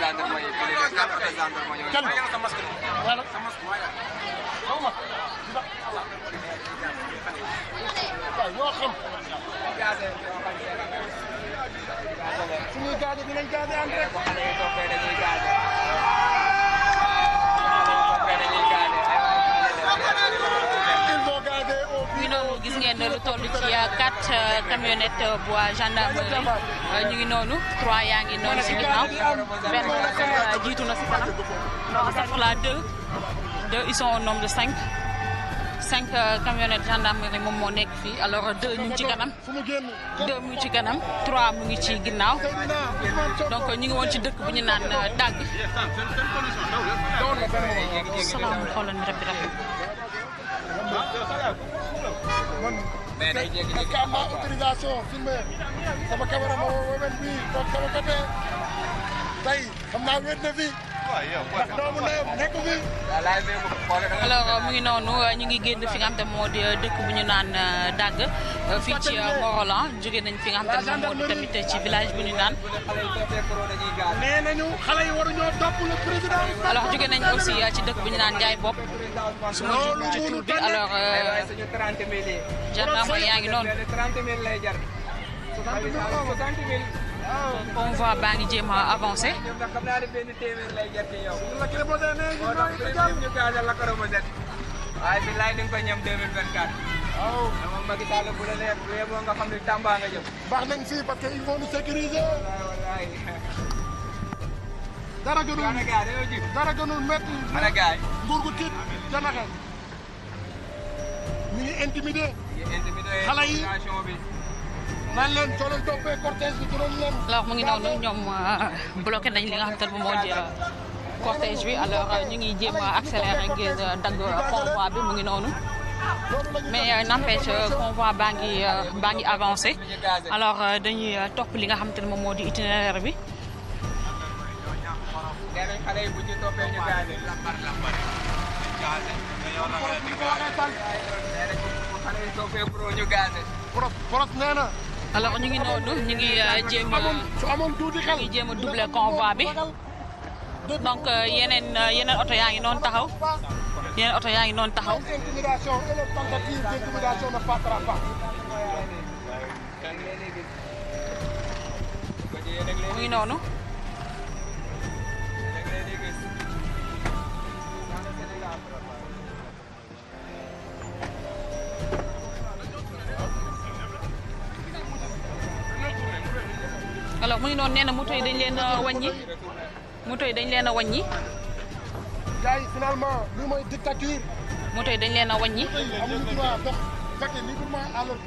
gendarmerie yi fële des quatre la lu toll ci euh, quatre euh, camionnettes euh, bu gendarmerie ñu ngi noonu trois yaa ngi noonu si ginnaaw benn jiitu na si kanam non ça fait la deux deux ils sont de cinq cinq camionnettes gendarmerie moom moo nekk fii alors deux ñu ci kanam deux mu ci kanam trois mu ngi ci ginnaaw donc ñu ngi woon ci dëkk bu ñu naan dàgg mais day jékki-jékki am naa autorisation filmer sama caméra ma woo wen bii mu ngi noonu ñu ngi génn fi nga xam te moo dëkk bu ñu naan dagg fii ci Morolan jóge nañ fi nga xam te moom ci village bu ñu naan. nee nañu xale yi waruñoo topp le président. alors jóge nañ aussi euh, ci dëkk bu ñu naan Njaay bopp su ma jublu ci tur bi alors euh, gendarme yaa ngi noonu. convoi ah, baa ngi jéem a avancé. waaye bi laay nañ ko ñam 2024. waaw dama Macky Sall bu la leer bu yeboo nga xam ne Tamba nga jëm. baax nañ fii parce que ils vont nous sécuriser. dara gënul dara gënul métti ngi intimidé xale alors mu ngi noonu ñoom euh, bloqué nañ li nga xam te moo di euh, bi alors euh, ñu ngi jéem a accéléré dagg convoi bi mu ngi noonu mais n'empêche convoi baa ngi baa ngi avancé alors dañuy top li nga xam te ne moom moo di itinéraire bi xale yi ñu ngi noonu ñu ngi euh, jéem a ñu ngi jéem a doubler convoi bi donc euh, yeneen euh, yeneen oto yaa ngi noon taxaw yeneen oto yaa ngi noonu taxaw. mu ngi noonu. noonu nee na moto yi dañ leen a wàññi moto yi dañ leen a wàññi. gars yi finalement lii mooy dictature. moto dañ leen a wàññi. amuñu droit dox fekk librement à leur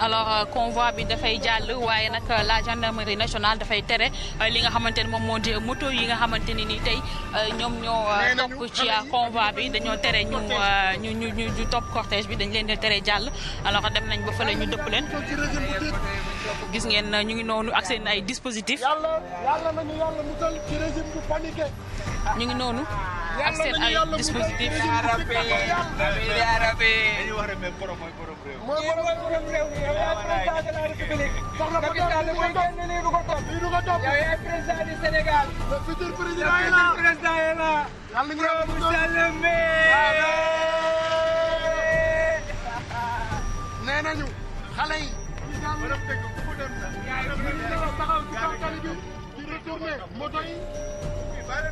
alors euh, convoi bi dafay jàll waaye nag euh, la gendarmerie nationale dafay tere euh, li nga xamante ni moom moo di moto yi nga xamante ni tey ñoom ñoo topp ci convoi bi dañoo tere ñu ñu ñu ñu topp cortège bi dañ leen di tere jàll alors dem nañ ba fële ñu dëpp leen gis ngeen ñu ngi noonu ak seen ay dispositif yàlla ñu ngi noonu ak seen ay dispositif nee nañu xale yi moto yi yàlla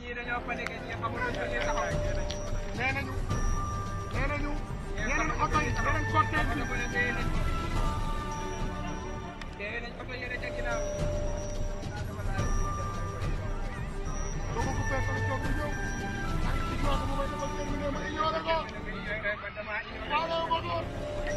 ñii dañoo paniqué ñii xamul lu ñu taxaw nee nañu nee nañu yeneen oto yi yeneen cortège bi téye nañ téye nañ oto yene ca ginnaaw dama ko fekk rek toog ñëw ak ci ñoo ko ma defal terminé ma ignoré ko waaw loolu